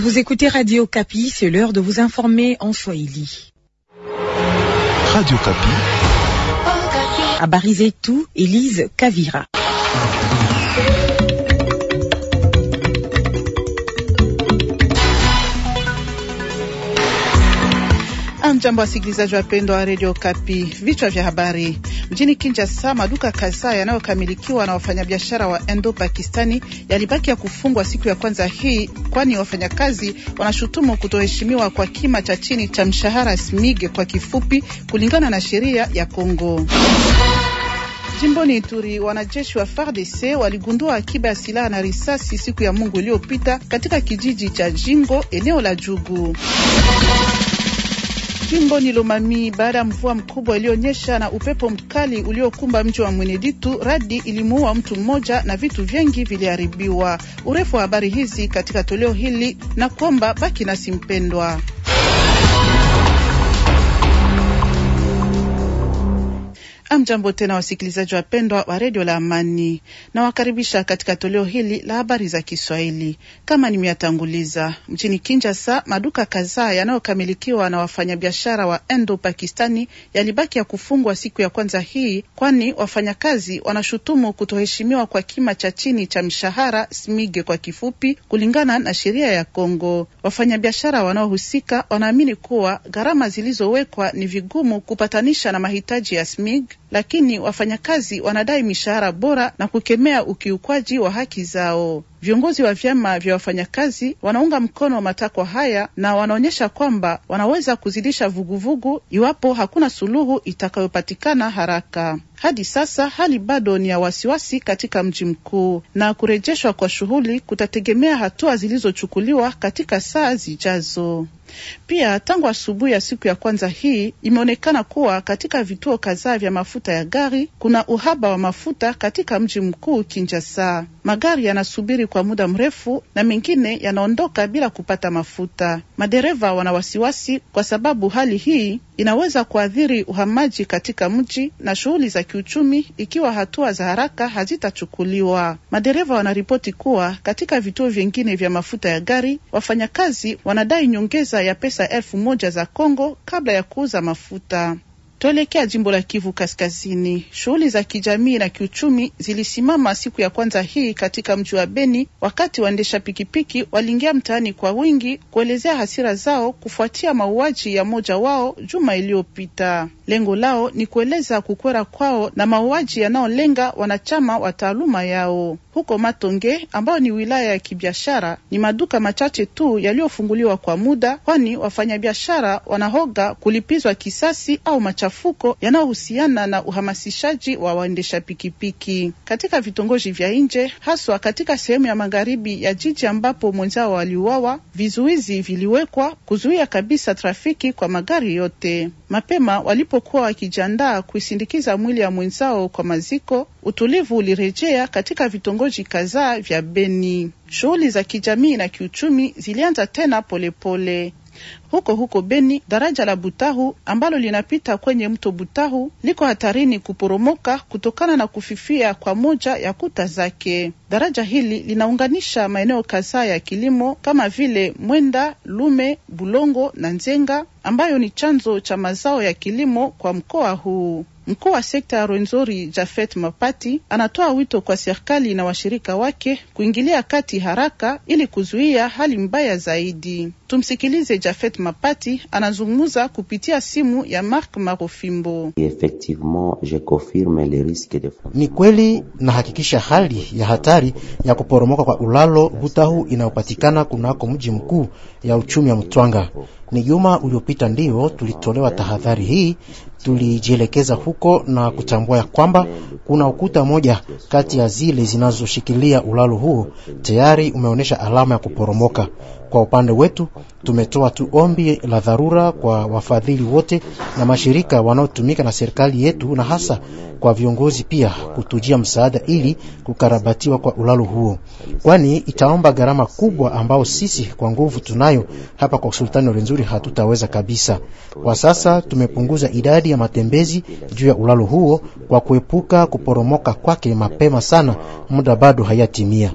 Vous écoutez Radio Capi, c'est l'heure de vous informer en Swahili. Radio Capi. À tout, Elise Kavira. Mjambo wasikilizaji wapendwa wa redio Kapi, vichwa habari. Mjini Kinshasa, maduka kadhaa yanayokamilikiwa na wafanyabiashara wa Indo Pakistani yalibaki ya kufungwa siku ya kwanza hii, kwani wafanyakazi wanashutumu kutoheshimiwa kwa kima cha chini cha mshahara SMIG kwa kifupi, kulingana na sheria ya Kongo. Jimboni Ituri, wanajeshi wa FARDC waligundua akiba ya silaha na risasi siku ya Mungu iliyopita katika kijiji cha Jingo, eneo la Jugu jimbo ni Lomami, baada ya mvua mkubwa iliyonyesha na upepo mkali uliokumba mji wa Mweneditu, radi ilimuua mtu mmoja na vitu vingi viliharibiwa. Urefu wa habari hizi katika toleo hili, na kuomba baki nasi mpendwa. Amjambo tena wasikilizaji wapendwa wa redio la Amani, nawakaribisha katika toleo hili la habari za Kiswahili. Kama nimeyatanguliza, mjini Kinshasa maduka kadhaa yanayokamilikiwa na wafanyabiashara wa endo Pakistani yalibaki ya kufungwa siku ya kwanza hii, kwani wafanyakazi wanashutumu kutoheshimiwa kwa kima cha chini cha mshahara SMIGE kwa kifupi, kulingana na sheria ya Kongo. Wafanyabiashara wanaohusika wanaamini kuwa gharama zilizowekwa ni vigumu kupatanisha na mahitaji ya SMIG lakini wafanyakazi wanadai mishahara bora na kukemea ukiukwaji wa haki zao. Viongozi wa vyama vya wafanyakazi wanaunga mkono wa matakwa haya na wanaonyesha kwamba wanaweza kuzidisha vuguvugu vugu iwapo hakuna suluhu itakayopatikana haraka. Hadi sasa hali bado ni ya wasiwasi katika mji mkuu na kurejeshwa kwa shughuli kutategemea hatua zilizochukuliwa katika saa zijazo. Pia tangu asubuhi ya siku ya kwanza hii imeonekana kuwa katika vituo kadhaa vya mafuta ya gari kuna uhaba wa mafuta katika mji mkuu Kinshasa magari yanasubiri kwa muda mrefu na mengine yanaondoka bila kupata mafuta. Madereva wana wasiwasi kwa sababu hali hii inaweza kuathiri uhamaji katika mji na shughuli za kiuchumi ikiwa hatua za haraka hazitachukuliwa. Madereva wanaripoti kuwa katika vituo vingine vya mafuta ya gari wafanyakazi wanadai nyongeza ya pesa elfu moja za Kongo kabla ya kuuza mafuta. Tuelekea jimbo la Kivu Kaskazini. Shughuli za kijamii na kiuchumi zilisimama siku ya kwanza hii katika mji wa Beni, wakati waendesha pikipiki waliingia mtaani kwa wingi kuelezea hasira zao kufuatia mauaji ya mmoja wao juma iliyopita. Lengo lao ni kueleza kukwera kwao na mauaji yanayolenga wanachama wa taaluma yao huko Matonge ambayo ni wilaya ya kibiashara, ni maduka machache tu yaliyofunguliwa kwa muda, kwani wafanyabiashara wanahoga kulipizwa kisasi au machafuko yanayohusiana na uhamasishaji wa waendesha pikipiki katika vitongoji vya nje, haswa katika sehemu ya magharibi ya jiji ambapo mwenzao waliuawa. Vizuizi viliwekwa kuzuia kabisa trafiki kwa magari yote. Mapema walipokuwa wakijiandaa kuisindikiza mwili ya mwenzao kwa maziko Utulivu ulirejea katika vitongoji kadhaa vya Beni. Shughuli za kijamii na kiuchumi zilianza tena polepole pole. Huko huko Beni, daraja la Butahu ambalo linapita kwenye mto Butahu liko hatarini kuporomoka kutokana na kufifia kwa moja ya kuta zake. Daraja hili linaunganisha maeneo kadhaa ya kilimo kama vile Mwenda, Lume, Bulongo na Nzenga ambayo ni chanzo cha mazao ya kilimo kwa mkoa huu. Mkuu wa sekta ya Rwenzori Jafet Mapati anatoa wito kwa serikali na washirika wake kuingilia kati haraka ili kuzuia hali mbaya zaidi. Tumsikilize Jafet Mapati anazungumza kupitia simu ya Mark Marofimbo. Ni kweli nahakikisha hali ya hatari ya kuporomoka kwa ulalo Butahu inayopatikana kunako mji mkuu ya uchumi wa Mtwanga. Ni juma uliopita ndio tulitolewa tahadhari hii, tulijielekeza huko na kutambua ya kwamba kuna ukuta moja kati ya zile zinazoshikilia ulalo huo tayari umeonyesha alama ya kuporomoka. Kwa upande wetu tumetoa tu ombi la dharura kwa wafadhili wote na mashirika wanaotumika na serikali yetu na hasa kwa viongozi pia kutujia msaada ili kukarabatiwa kwa ulalo huo, kwani itaomba gharama kubwa ambao sisi kwa nguvu tunayo hapa kwa Sultani nzuri hatutaweza kabisa. Kwa sasa tumepunguza idadi ya matembezi juu ya ulalo huo kwa kuepuka kuporomoka kwake mapema sana, muda bado hayatimia.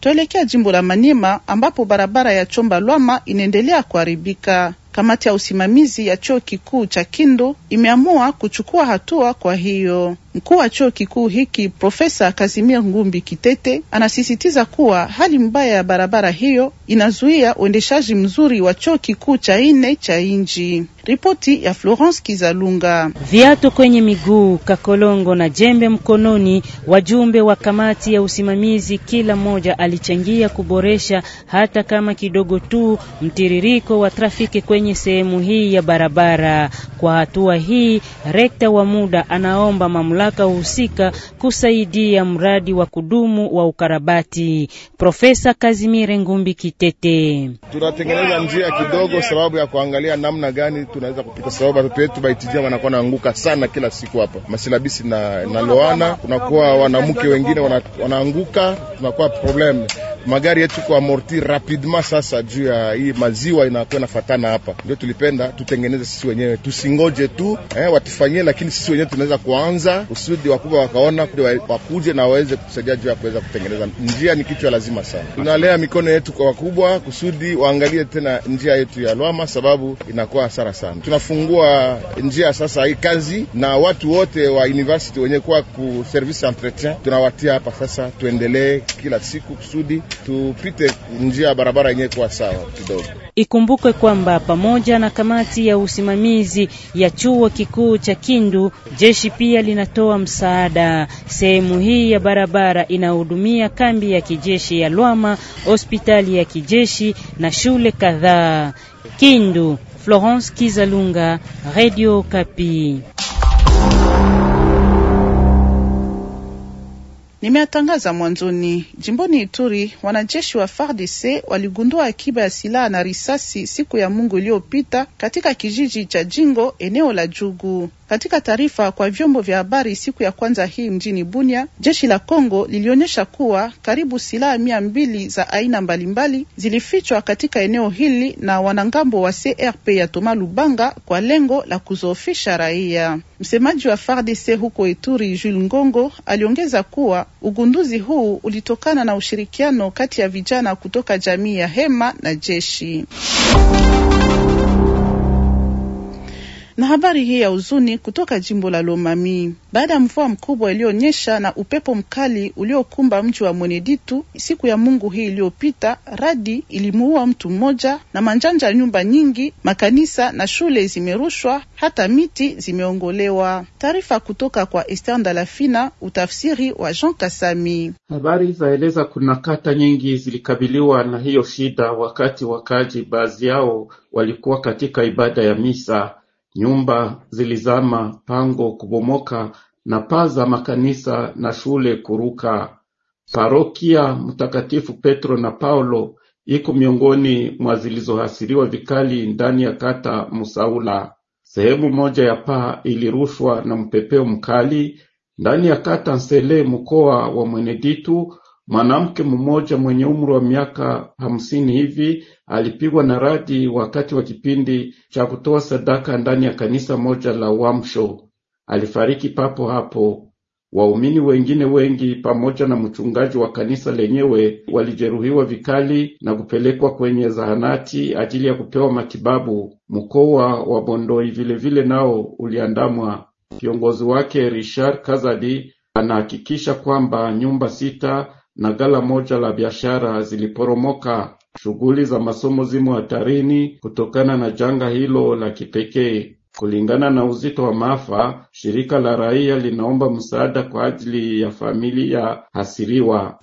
Tuelekea jimbo la manima ambapo barabara ya Chomba Lwama inaendelea kuharibika. Kamati ya usimamizi ya chuo kikuu cha Kindu imeamua kuchukua hatua kwa hiyo Mkuu wa chuo kikuu hiki Profesa Kazimia Ngumbi Kitete anasisitiza kuwa hali mbaya ya barabara hiyo inazuia uendeshaji mzuri wa chuo kikuu cha nne cha nchi. Ripoti ya Florence Kizalunga. Viatu kwenye miguu, kakolongo na jembe mkononi, wajumbe wa kamati ya usimamizi, kila mmoja alichangia kuboresha hata kama kidogo tu mtiririko wa trafiki kwenye sehemu hii ya barabara. Kwa hatua hii, rekta wa muda anaomba mamlaka mamlaka husika kusaidia mradi wa kudumu wa ukarabati. Profesa Kazimire Ngumbi Kitete: tunatengeneza njia kidogo, sababu ya kuangalia namna gani tunaweza kupita, sababu watoto wetu baitijia wanakuwa naanguka sana kila siku hapa masilabisi na, na loana, kunakuwa wanamke wengine wanaanguka, tunakuwa problem magari yetu kwa morti rapidement. Sasa juu ya hii maziwa inakuwa nafatana hapa, ndio tulipenda tutengeneze sisi wenyewe, tusingoje tu eh, watufanyie, lakini sisi wenyewe tunaweza kuanza kusudi wakubwa wakaona wakuje na waweze kusaidia juu ya kuweza kutengeneza njia. Ni kichwa lazima sana, tunalea mikono yetu kwa wakubwa kusudi waangalie tena njia yetu ya Lwama, sababu inakuwa hasara sana. Tunafungua njia sasa hii kazi na watu wote wa university wenye kuwa ku service entretien, tunawatia hapa sasa, tuendelee kila siku kusudi tupite njia ya barabara yenye kuwa sawa kidogo. Ikumbukwe kwamba pamoja na kamati ya usimamizi ya chuo kikuu cha Kindu, jeshi pia linatoa kutoa msaada. Sehemu hii ya barabara inahudumia kambi ya kijeshi ya Lwama, hospitali ya kijeshi na shule kadhaa. Kindu, Florence Kizalunga, Radio Kapi. Nimeatangaza mwanzoni, jimboni Ituri, wanajeshi wa FARDC waligundua akiba ya silaha na risasi siku ya Mungu iliyopita katika kijiji cha Jingo, eneo la Jugu. Katika taarifa kwa vyombo vya habari siku ya kwanza hii mjini Bunia, jeshi la Kongo lilionyesha kuwa karibu silaha mia mbili za aina mbalimbali zilifichwa katika eneo hili na wanangambo wa CRP ya Toma Lubanga kwa lengo la kuzoofisha raia. Msemaji wa FARDC huko Ituri, Jules Ngongo, aliongeza kuwa ugunduzi huu ulitokana na ushirikiano kati ya vijana kutoka jamii ya Hema na jeshi. Na habari hii ya huzuni kutoka jimbo la Lomami baada ya mvua mkubwa iliyonyesha na upepo mkali uliokumba mji wa Mweneditu siku ya Mungu hii iliyopita, radi ilimuua mtu mmoja na manjanja, ya nyumba nyingi, makanisa na shule zimerushwa, hata miti zimeongolewa. Taarifa kutoka kwa Esther Ndalafina, utafsiri wa Jean Kasami. Habari zaeleza kuna kata nyingi zilikabiliwa na hiyo shida, wakati wakaji baadhi yao walikuwa katika ibada ya misa Nyumba zilizama, pango kubomoka na paa za makanisa na shule kuruka. Parokia Mtakatifu Petro na Paulo iko miongoni mwa zilizohasiriwa vikali ndani ya kata Musaula. Sehemu moja ya paa ilirushwa na mpepeo mkali ndani ya kata Nsele, mkoa wa Mweneditu, Mwanamke mmoja mwenye umri wa miaka hamsini hivi alipigwa na radi wakati wa kipindi cha kutoa sadaka ndani ya kanisa moja la wamsho Alifariki papo hapo. Waumini wengine wengi pamoja na mchungaji wa kanisa lenyewe walijeruhiwa vikali na kupelekwa kwenye zahanati ajili ya kupewa matibabu. Mkoa wa Bondoi vilevile nao uliandamwa. Kiongozi wake Richard Kazadi anahakikisha kwamba nyumba sita na gala moja la biashara ziliporomoka. Shughuli za masomo zimo hatarini kutokana na janga hilo la kipekee. Kulingana na uzito wa maafa, shirika la raia linaomba msaada kwa ajili ya familia hasiriwa.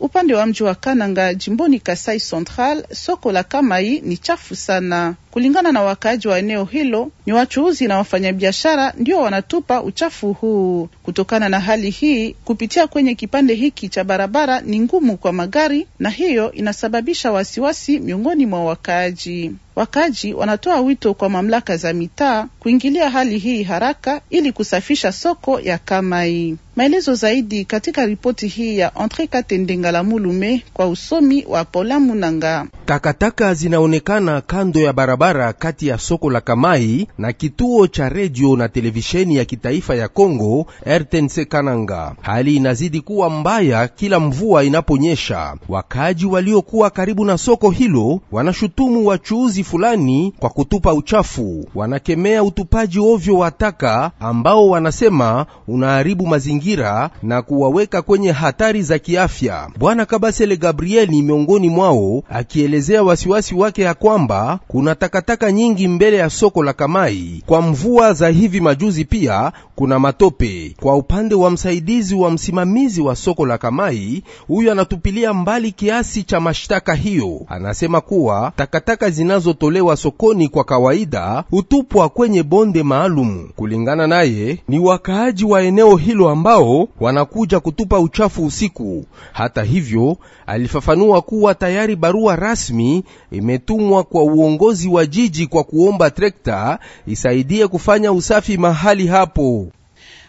Upande wa mji wa Kananga jimboni Kasai Central, soko la Kamai ni chafu sana. Kulingana na wakaaji wa eneo hilo, ni wachuuzi na wafanyabiashara ndio wanatupa uchafu huu. Kutokana na hali hii, kupitia kwenye kipande hiki cha barabara ni ngumu kwa magari, na hiyo inasababisha wasiwasi miongoni mwa wakaaji. Wakaaji wanatoa wito kwa mamlaka za mitaa kuingilia hali hii haraka ili kusafisha soko ya Kamai. Maelezo zaidi katika ripoti hii ya Entre la Mulume kwa usomi wa Pola Munanga. Takataka zinaonekana kando ya barabara barabara kati ya soko la Kamai na kituo cha redio na televisheni ya kitaifa ya Kongo RTNC Kananga. Hali inazidi kuwa mbaya kila mvua inaponyesha. Wakaji waliokuwa karibu na soko hilo wanashutumu wachuuzi fulani kwa kutupa uchafu. Wanakemea utupaji ovyo wa taka ambao wanasema unaharibu mazingira na kuwaweka kwenye hatari za kiafya. Bwana Kabasele Gabrieli miongoni mwao akielezea wasiwasi wake ya kwamba kuna takataka nyingi mbele ya soko la Kamai. Kwa mvua za hivi majuzi, pia kuna matope. Kwa upande wa msaidizi wa msimamizi wa soko la Kamai, huyo anatupilia mbali kiasi cha mashtaka hiyo. Anasema kuwa takataka zinazotolewa sokoni kwa kawaida hutupwa kwenye bonde maalum. Kulingana naye, ni wakaaji wa eneo hilo ambao wanakuja kutupa uchafu usiku. Hata hivyo, alifafanua kuwa tayari barua rasmi imetumwa kwa uongozi wa jiji kwa kuomba trekta isaidie kufanya usafi mahali hapo.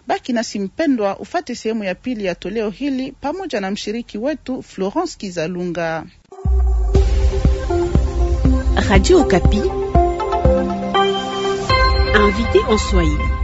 Baki nasi mpendwa, ufate sehemu ya pili ya toleo hili pamoja na mshiriki wetu Florence Kizalunga. Radio Okapi, invité en Swahili.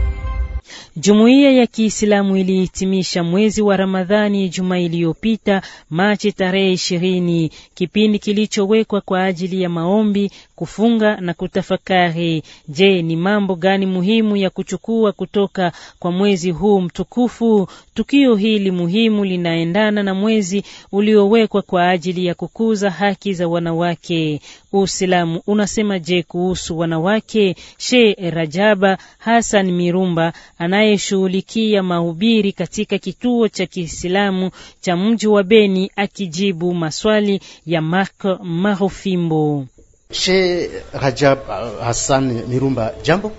Jumuiya ya Kiislamu ilihitimisha mwezi wa Ramadhani juma iliyopita Machi tarehe ishirini, kipindi kilichowekwa kwa ajili ya maombi, kufunga na kutafakari. Je, ni mambo gani muhimu ya kuchukua kutoka kwa mwezi huu mtukufu? Tukio hili muhimu linaendana na mwezi uliowekwa kwa ajili ya kukuza haki za wanawake. Uislamu unasema je kuhusu wanawake? She Rajaba Hassan Mirumba anayeshughulikia mahubiri katika kituo cha Kiislamu cha mji wa Beni akijibu maswali ya Mark Marufimbo. She Rajab Hassan Mirumba, jambo.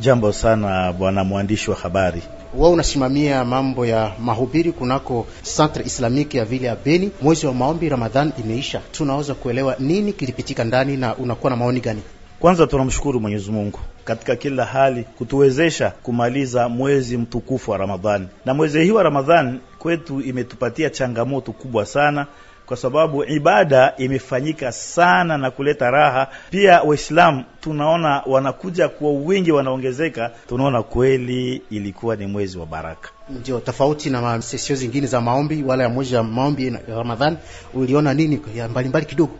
Jambo sana bwana mwandishi wa habari. Wewe unasimamia mambo ya mahubiri kunako Centre Islamique ya vile ya Beni. Mwezi wa maombi Ramadhan imeisha, tunaweza kuelewa nini kilipitika ndani na unakuwa na maoni gani? Kwanza tunamshukuru Mwenyezi Mungu katika kila hali kutuwezesha kumaliza mwezi mtukufu wa Ramadhani, na mwezi hii wa Ramadhani kwetu imetupatia changamoto kubwa sana kwa sababu ibada imefanyika sana na kuleta raha. Pia Waislamu tunaona wanakuja kwa wingi, wanaongezeka. Tunaona kweli ilikuwa ni mwezi wa baraka. Ndio tofauti na sesio zingine za maombi, wala ya mwezi wa maombi ya Ramadhani. Uliona nini ya mbalimbali kidogo?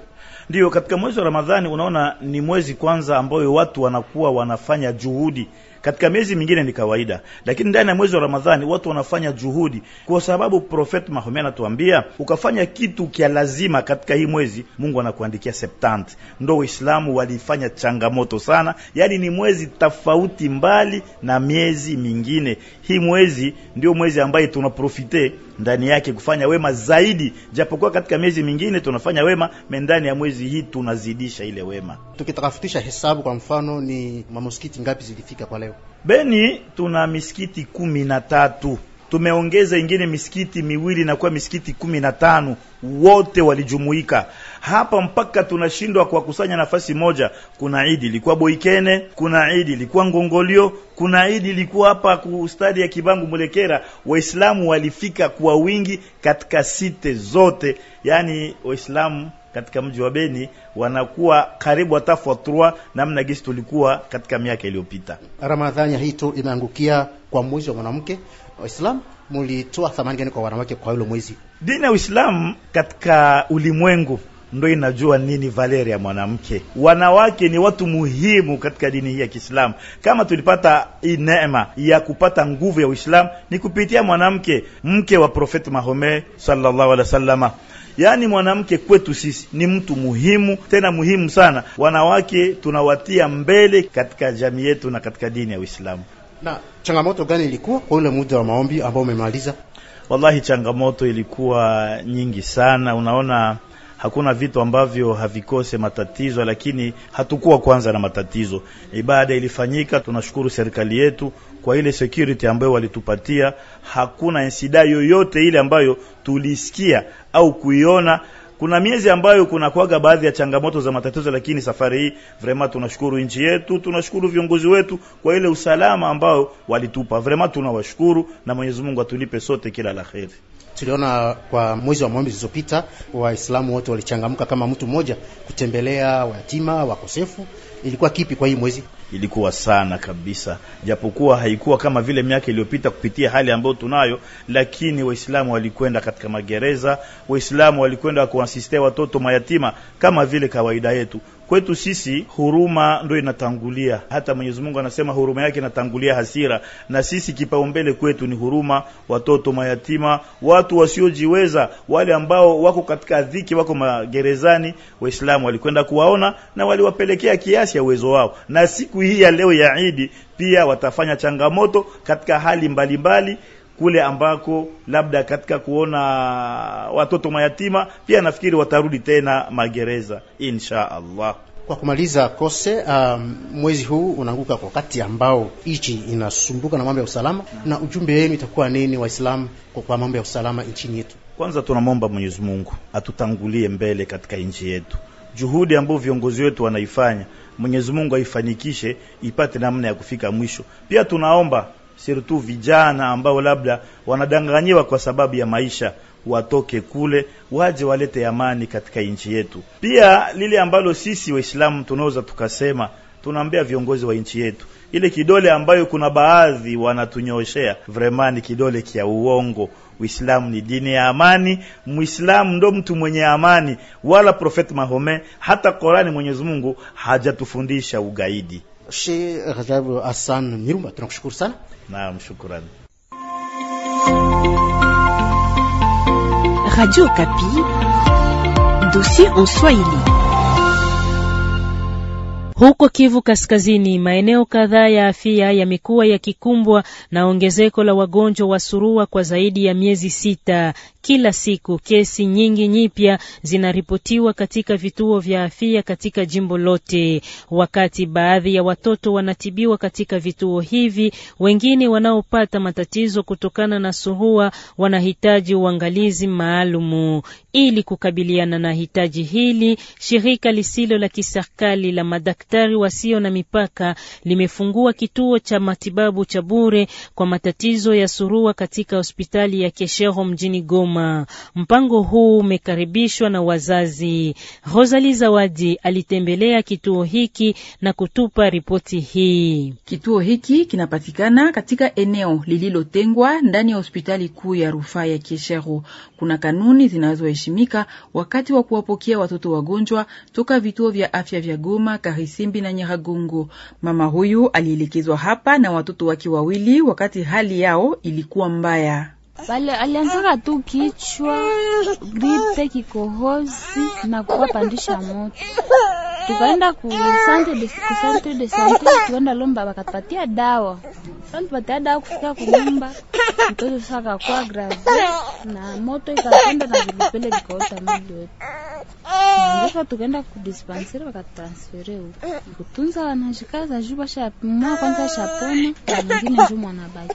ndio katika mwezi wa Ramadhani unaona ni mwezi kwanza ambayo watu wanakuwa wanafanya juhudi katika miezi mingine ni kawaida, lakini ndani ya mwezi wa Ramadhani watu wanafanya juhudi, kwa sababu Profeti Mahomet anatuambia ukafanya kitu kia lazima katika hii mwezi, Mungu anakuandikia septante. Ndo Waislamu walifanya changamoto sana, yaani ni mwezi tofauti mbali na miezi mingine. Hii mwezi ndio mwezi ambaye tunaprofite ndani yake kufanya wema zaidi, japokuwa katika miezi mingine tunafanya wema me, ndani ya mwezi hii tunazidisha ile wema. Tukitafutisha hesabu, kwa mfano, ni mamosikiti ngapi zilifika kwa leo? Beni tuna misikiti kumi na tatu tumeongeza ingine misikiti miwili na kuwa misikiti kumi na tano. Wote walijumuika hapa mpaka tunashindwa kuwakusanya nafasi moja. Kuna idi ilikuwa Boikene, kuna idi ilikuwa Ngongolio, kuna idi ilikuwa hapa kustadi ya Kibangu Mulekera. Waislamu walifika kwa wingi katika site zote, yaani Waislamu katika mji wa Beni wanakuwa karibu hata fatrua namna gisi tulikuwa katika miaka iliyopita. Ramadhani ya tu imeangukia kwa mwezi wa mwanamke Waislamu mulitoa thamani gani kwa wanawake kwa hilo mwezi? Dini ya Uislamu katika ulimwengu ndo inajua nini valeri ya mwanamke. Wanawake ni watu muhimu katika dini hii ya Kiislamu. Kama tulipata hii neema ya kupata nguvu ya Uislamu ni kupitia mwanamke, mke wa Profeti Mahome sallallahu alaihi wasallama. Yaani mwanamke kwetu sisi ni mtu muhimu, tena muhimu sana. Wanawake tunawatia mbele katika jamii yetu na katika dini ya Uislamu. Na changamoto gani ilikuwa kwa ule muda wa maombi ambao umemaliza? Wallahi, changamoto ilikuwa nyingi sana. Unaona, hakuna vitu ambavyo havikose matatizo, lakini hatukuwa kwanza na matatizo. Ibada ilifanyika, tunashukuru serikali yetu kwa ile security ambayo walitupatia. Hakuna insida yoyote ile ambayo tulisikia au kuiona kuna miezi ambayo kunakuwaga baadhi ya changamoto za matatizo, lakini safari hii vraiment tunashukuru nchi yetu, tunashukuru viongozi wetu kwa ile usalama ambao walitupa. Vraiment tunawashukuru na Mwenyezi Mungu atulipe sote kila la heri. Tuliona kwa mwezi wa mwezi zilizopita Waislamu wote walichangamka kama mtu mmoja kutembelea wayatima wakosefu. Ilikuwa kipi kwa hii mwezi? ilikuwa sana kabisa, japokuwa haikuwa kama vile miaka iliyopita kupitia hali ambayo tunayo, lakini Waislamu walikwenda katika magereza, Waislamu walikwenda kuasistia watoto mayatima kama vile kawaida yetu. Kwetu sisi huruma ndio inatangulia. Hata Mwenyezi Mungu anasema huruma yake inatangulia hasira, na sisi kipaumbele kwetu ni huruma, watoto mayatima, watu wasiojiweza, wale ambao wako katika dhiki, wako magerezani. Waislamu walikwenda kuwaona na waliwapelekea kiasi ya uwezo wao, na siku siku hii ya leo ya Idi pia watafanya changamoto katika hali mbalimbali mbali, kule ambako labda katika kuona watoto mayatima pia nafikiri watarudi tena magereza insha Allah. Kwa kumaliza kose, um, mwezi huu unaanguka kwa wakati ambao nchi inasumbuka na mambo ya usalama, na ujumbe wenu itakuwa nini Waislamu kwa mambo ya usalama nchini yetu? Kwanza tunamwomba Mwenyezi Mungu atutangulie mbele katika nchi yetu, juhudi ambayo viongozi wetu wanaifanya Mwenyezi Mungu aifanikishe ipate namna ya kufika mwisho. Pia tunaomba sirtu vijana ambao labda wanadanganyiwa kwa sababu ya maisha watoke kule waje walete amani katika nchi yetu. Pia lile ambalo sisi Waislamu tunaweza tukasema, tunaambia viongozi wa nchi yetu, ile kidole ambayo kuna baadhi wanatunyoshea vremani kidole kia uongo. Uislamu ni dini ya amani. Muislamu ndo mtu mwenye amani, wala Profeti Mahome hata Korani Mwenyezi Mungu hajatufundisha ugaidi. tunakushukuru sana. Naam, shukrani. Radio Kapi, dossier en Swahili. Huko Kivu Kaskazini, maeneo kadhaa ya afya yamekuwa yakikumbwa na ongezeko la wagonjwa wa surua kwa zaidi ya miezi sita. Kila siku kesi nyingi nyipya zinaripotiwa katika vituo vya afya katika jimbo lote. Wakati baadhi ya watoto wanatibiwa katika vituo hivi, wengine wanaopata matatizo kutokana na surua wanahitaji uangalizi maalumu. Ili kukabiliana na hitaji hili, shirika lisilo la kiserikali la madaktari madaktari wasio na mipaka limefungua kituo cha matibabu cha bure kwa matatizo ya surua katika hospitali ya Keshero mjini Goma. Mpango huu umekaribishwa na wazazi. rosali Zawadi alitembelea kituo hiki na kutupa ripoti hii. Kituo hiki kinapatikana katika eneo lililotengwa ndani ya hospitali kuu ya rufaa ya Keshero. Kuna kanuni zinazoheshimika wakati wa kuwapokea watoto wagonjwa toka vituo vya afya vya Goma, Karisi Simbi na Nyiragongo. Mama huyu alielekezwa hapa na watoto wake wawili wakati hali yao ilikuwa mbaya. Bale alianzaka tu kichwa, gripe, kikohozi na kuwapandisha moto tukaenda ku centre de ku centre de sante, tukaenda Lomba bakatupatia dawa. Sasa tupatia dawa kufika ku nyumba mtoto saka kwa grave na moto ikapanda na vilipele vikaota mwili wetu. Sasa tukaenda ku dispensaire bakatransfere huko. Kutunza wanashikaza juba sha mwa kwanza shapone na mwingine ndio mwanabaki.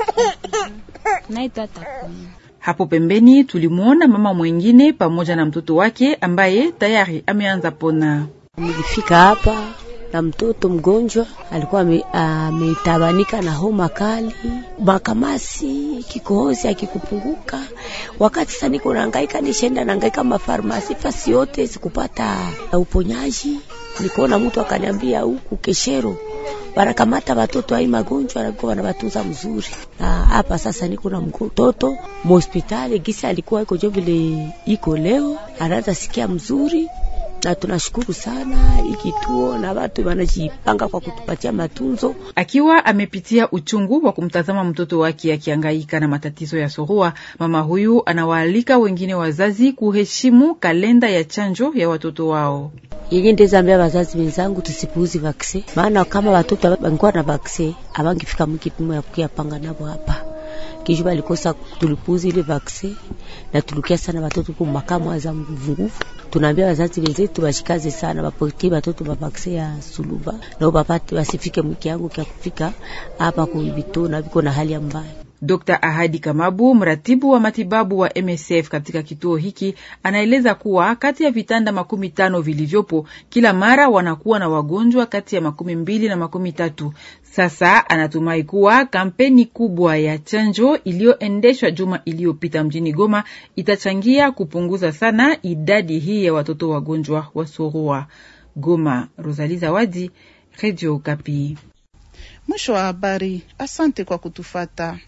Naitwa takuni. Hapo pembeni tulimwona mama mwingine pamoja na mtoto wake ambaye tayari ameanza pona. Nilifika hapa na mtoto mgonjwa alikuwa ametabanika na homa kali, makamasi, kikohozi akikupunguka. Wakati sasa niko nahangaika, nishenda nahangaika mafarmasi fasi yote sikupata uponyaji. Nikoona mtu akaniambia, huku Keshero wanakamata watoto hai magonjwa walikuwa wanabatunza mzuri. Na hapa sasa niko na mtoto mhospitali, gisa alikuwa iko jo vile iko leo, anaanza sikia mzuri na tunashukuru sana ikituo na watu wanajipanga kwa kutupatia matunzo. Akiwa amepitia uchungu wa kumtazama mtoto wake akihangaika na matatizo ya sorua, mama huyu anawaalika wengine wazazi kuheshimu kalenda ya chanjo ya watoto wao. Yenye ndezambia wazazi wenzangu, tusipuuzi vaksin, maana kama watoto wangekuwa na vaksin awangifika mukipimo ya kuyapanga navo hapa Kijuba alikosa tulipuzi ile vaksi na tulukia sana watoto kwa makamu za mvunguvu tunaambia wazazi wenzetu washikaze sana, wapokee watoto mavaksin ya suluba nao wapate, wasifike mkiangu kya kufika hapa kuvitona viko na hali mbaya. Dr Ahadi Kamabu, mratibu wa matibabu wa MSF katika kituo hiki, anaeleza kuwa kati ya vitanda makumi tano vilivyopo kila mara wanakuwa na wagonjwa kati ya makumi mbili na makumi tatu. Sasa anatumai kuwa kampeni kubwa ya chanjo iliyoendeshwa juma iliyopita mjini Goma itachangia kupunguza sana idadi hii ya watoto wagonjwa wa surua. Goma, Rosali Zawadi, Redio Kapi. Mwisho wa habari. Asante kwa kutufata.